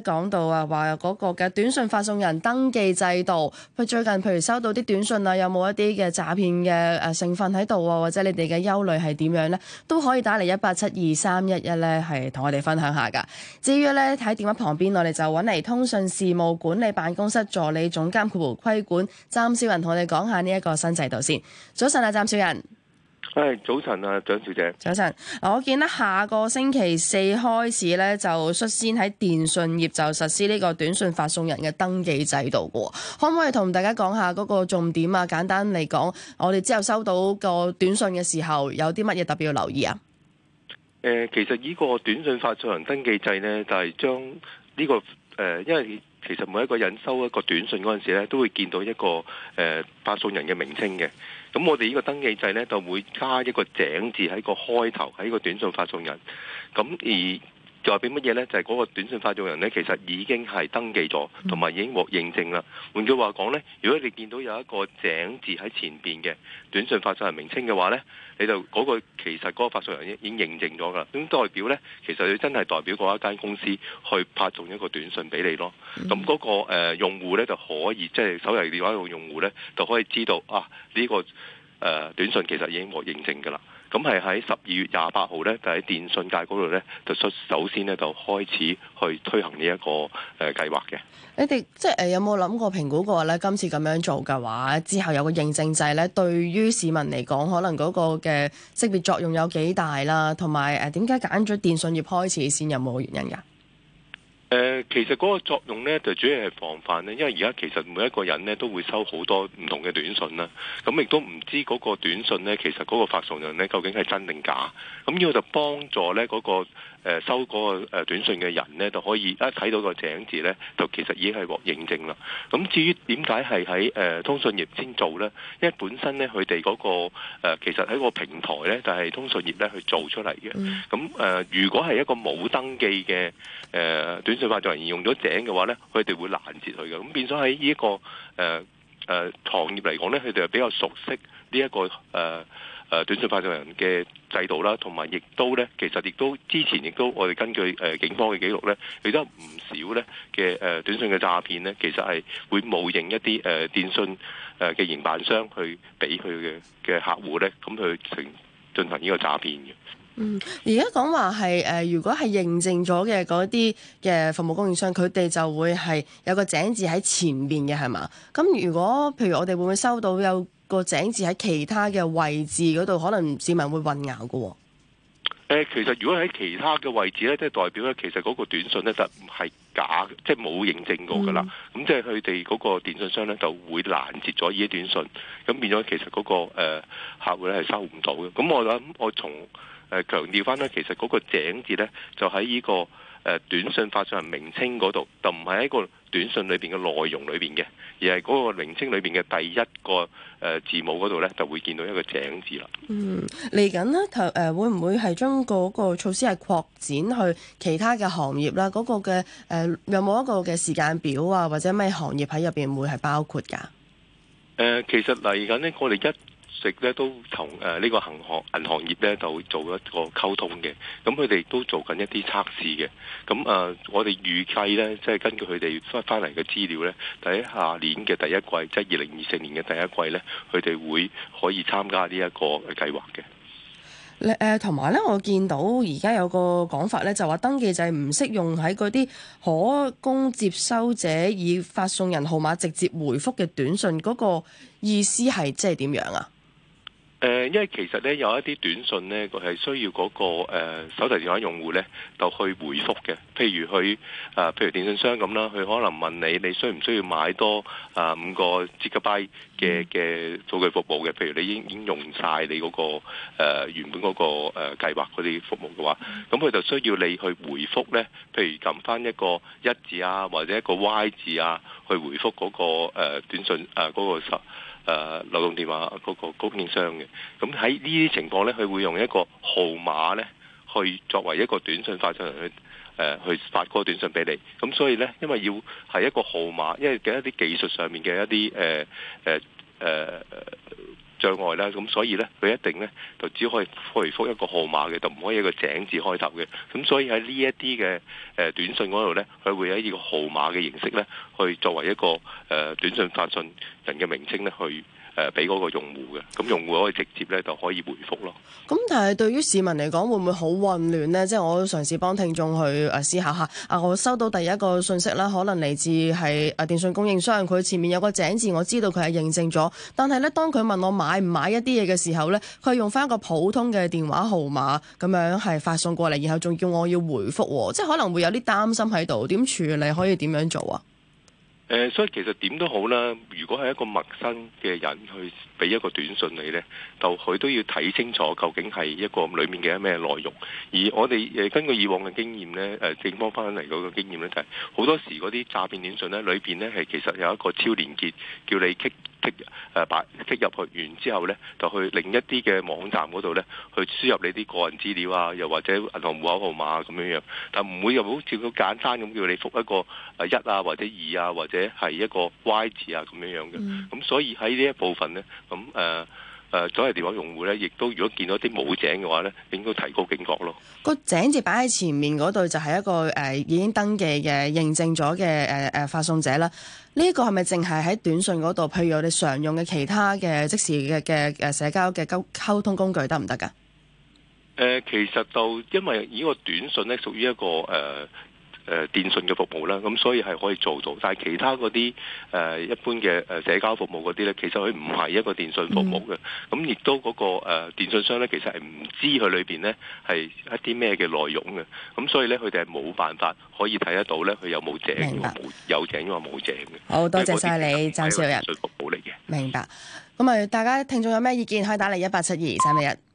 講到啊，話嗰個嘅短信發送人登記制度，佢最近譬如收到啲短信啊，有冇一啲嘅詐騙嘅誒成分喺度啊？或者你哋嘅憂慮係點樣呢？都可以打嚟，一八七二三一一咧，係同我哋分享下噶。至於咧喺電話旁邊，我哋就搵嚟通訊事務管理局辦公室助理總監括弧規管湛兆仁同我哋講下呢一個新制度先。早晨啊，湛兆仁。誒，早晨啊，蔣小姐。早晨嗱，我見得下個星期四開始咧，就率先喺電信業就實施呢個短信發送人嘅登記制度嘅，可唔可以同大家講下嗰個重點啊？簡單嚟講，我哋之後收到個短信嘅時候，有啲乜嘢特別要留意啊？誒，其實呢個短信發送人登記制呢，就係將呢個誒，因為其實每一個人收一個短信嗰陣時咧，都會見到一個誒發送人嘅名稱嘅。咁我哋呢個登記制呢，就會加一個井字喺個開頭喺個短訊發送人。咁而，而代表乜嘢呢？就係、是、嗰個短訊發送人呢，其實已經係登記咗，同埋已經獲認證啦。換句話講呢，如果你見到有一個井字喺前邊嘅短訊發送人名稱嘅話呢，你就嗰、那個其實嗰個發送人已經認證咗㗎喇。咁代表呢，其實佢真係代表過一間公司去發送一個短訊俾你咯。咁嗰、嗯那個、呃、用戶呢，就可以即係手提電話嘅用戶呢，就可以知道啊呢、這個。誒、呃、短訊其實已經獲認證㗎啦，咁係喺十二月廿八號咧，就喺電訊界嗰度咧，就首首先咧就開始去推行呢、這、一個誒計劃嘅。呃、你哋即係誒、呃、有冇諗過評估過咧？今次咁樣做嘅話，之後有個認證制咧，對於市民嚟講，可能嗰個嘅識別作用有幾大啦，同埋誒點解揀咗電訊業開始先有冇原因㗎？誒，其實嗰個作用咧就主要係防範咧，因為而家其實每一個人咧都會收好多唔同嘅短信啦，咁亦都唔知嗰個短信咧其實嗰個發送人咧究竟係真定假，咁呢個就幫助咧嗰個收嗰個短信嘅人咧就可以一睇到個井字咧，就其實已經係獲認證啦。咁至於點解係喺誒通訊業先做咧？因為本身咧佢哋嗰個其實喺個平台咧就係通訊業咧去做出嚟嘅。咁誒，如果係一個冇登記嘅誒短，短信發送人沿用咗井嘅話咧，佢哋會攔截佢嘅。咁變咗喺呢一個誒誒行業嚟講咧，佢哋係比較熟悉呢、這、一個誒誒、呃呃、短訊發送人嘅制度啦，同埋亦都咧，其實亦都之前亦都我哋根據誒、呃、警方嘅記錄咧，亦都唔少咧嘅誒短訊嘅詐騙咧，其實係會冒認一啲誒、呃、電訊誒嘅營辦商去俾佢嘅嘅客戶咧，咁、嗯、去從進行呢個詐騙嘅。嗯，而家講話係誒，如果係認證咗嘅嗰啲嘅服務供應商，佢哋就會係有個井字喺前面嘅，係嘛？咁如果譬如我哋會唔會收到有個井字喺其他嘅位置嗰度，可能市民會混淆嘅、哦？誒、呃，其實如果喺其他嘅位置咧，即係代表咧，其實嗰個短訊咧就唔係假，即係冇認證過嘅啦。咁、嗯、即係佢哋嗰個電訊商咧就會攔截咗呢啲短訊，咁變咗其實嗰、那個、呃、客戶咧係收唔到嘅。咁我諗我從誒、呃、強調翻咧，其實嗰個井字咧，就喺呢、這個誒、呃、短信發送人名稱嗰度，就唔係喺個短信裏邊嘅內容裏邊嘅，而係嗰個名稱裏邊嘅第一個誒、呃、字母嗰度咧，就會見到一個井字啦。嗯，嚟緊呢，頭誒會唔會係將嗰個措施係擴展去其他嘅行業啦？嗰、那個嘅誒、呃、有冇一個嘅時間表啊？或者咩行業喺入邊會係包括㗎？誒、呃，其實嚟緊呢，我哋一食咧，都同誒，呢個行行銀行業咧，就做一個溝通嘅。咁佢哋都做緊一啲測試嘅。咁誒，我哋預計咧，即係根據佢哋翻翻嚟嘅資料咧，第一下年嘅第一季，即係二零二四年嘅第一季咧，佢哋會可以參加呢一個計劃嘅。誒，同埋咧，我見到而家有個講法咧，就話登記制唔適用喺嗰啲可供接收者以發送人號碼直接回覆嘅短信，嗰個意思係即係點樣啊？誒，因為其實咧有一啲短訊咧，佢係需要嗰、那個、呃、手提電話用戶咧，就去回覆嘅。譬如佢，啊、呃，譬如電訊商咁啦，佢可能問你你需唔需要買多啊五、呃、個 GigaByte 嘅嘅數據服務嘅？譬如你已經，已經用晒你嗰、那個、呃、原本嗰個誒計劃嗰啲服務嘅話，咁佢就需要你去回覆咧。譬如撳翻一個一字啊，或者一個 Y 字啊，去回覆嗰、那個、呃、短訊啊嗰個十。誒、呃，流動電話嗰個供應商嘅，咁喺呢啲情況呢，佢會用一個號碼呢去作為一個短信發出嚟去誒，去發個短信俾你。咁所以呢，因為要係一個號碼，因為嘅一啲技術上面嘅一啲誒誒誒。呃呃呃障礙啦，咁所以呢，佢一定呢，就只可以回覆一個號碼嘅，就唔可以一個井字開頭嘅。咁所以喺呢一啲嘅誒短信嗰度呢，佢會喺呢個號碼嘅形式呢，去作為一個誒短信發信人嘅名稱呢，去，誒俾嗰個用戶嘅，咁用戶可以直接咧就可以回覆咯。咁但係對於市民嚟講，會唔會好混亂呢？即係我嘗試幫聽眾去誒思考下。啊，我收到第一個信息啦，可能嚟自係誒電信供應商，佢前面有個井字，我知道佢係認證咗。但係咧，當佢問我買唔買一啲嘢嘅時候咧，佢用翻一個普通嘅電話號碼咁樣係發送過嚟，然後仲要我要回覆，即係可能會有啲擔心喺度，點處理可以點樣做啊？誒、呃，所以其實點都好啦。如果係一個陌生嘅人去俾一個短訊你呢，就佢都要睇清楚究竟係一個裏面嘅咩內容。而我哋誒、呃、根據以往嘅經驗、呃就是、呢，誒警方翻嚟嗰個經驗呢，就係好多時嗰啲詐騙短訊呢裏邊呢，係其實有一個超連結，叫你擊誒把入去完之後咧，就去另一啲嘅網站嗰度咧，去輸入你啲個人資料啊，又或者銀行戶口號碼啊、咁樣樣，但唔會又好似好簡單咁叫你複一個誒一啊，或者二啊，或者係一個 Y 字啊咁樣樣嘅，咁、嗯、所以喺呢一部分咧，咁誒。呃誒所有電話用戶咧，亦都如果見到啲冇井嘅話咧，應該提高警覺咯。個井字擺喺前面嗰度，就係一個誒、呃、已經登記嘅認證咗嘅誒誒發送者啦。呢、這、一個係咪淨係喺短訊嗰度？譬如我哋常用嘅其他嘅即時嘅嘅誒社交嘅溝溝通工具得唔得㗎？誒、呃，其實就因為呢個短訊咧，屬於一個誒。呃誒、呃、電訊嘅服務啦，咁、嗯、所以係可以做到，但係其他嗰啲誒一般嘅誒社交服務嗰啲咧，其實佢唔係一個電訊服務嘅，咁亦、嗯、都嗰、那個誒、呃、電訊商咧，其實係唔知佢裏邊咧係一啲咩嘅內容嘅，咁、嗯、所以咧佢哋係冇辦法可以睇得到咧，佢白有冇井？有井，因為冇井。嘅。好多謝晒你，湛兆仁。明白。咁啊，大家聽眾有咩意見可以打嚟一八七二三零一。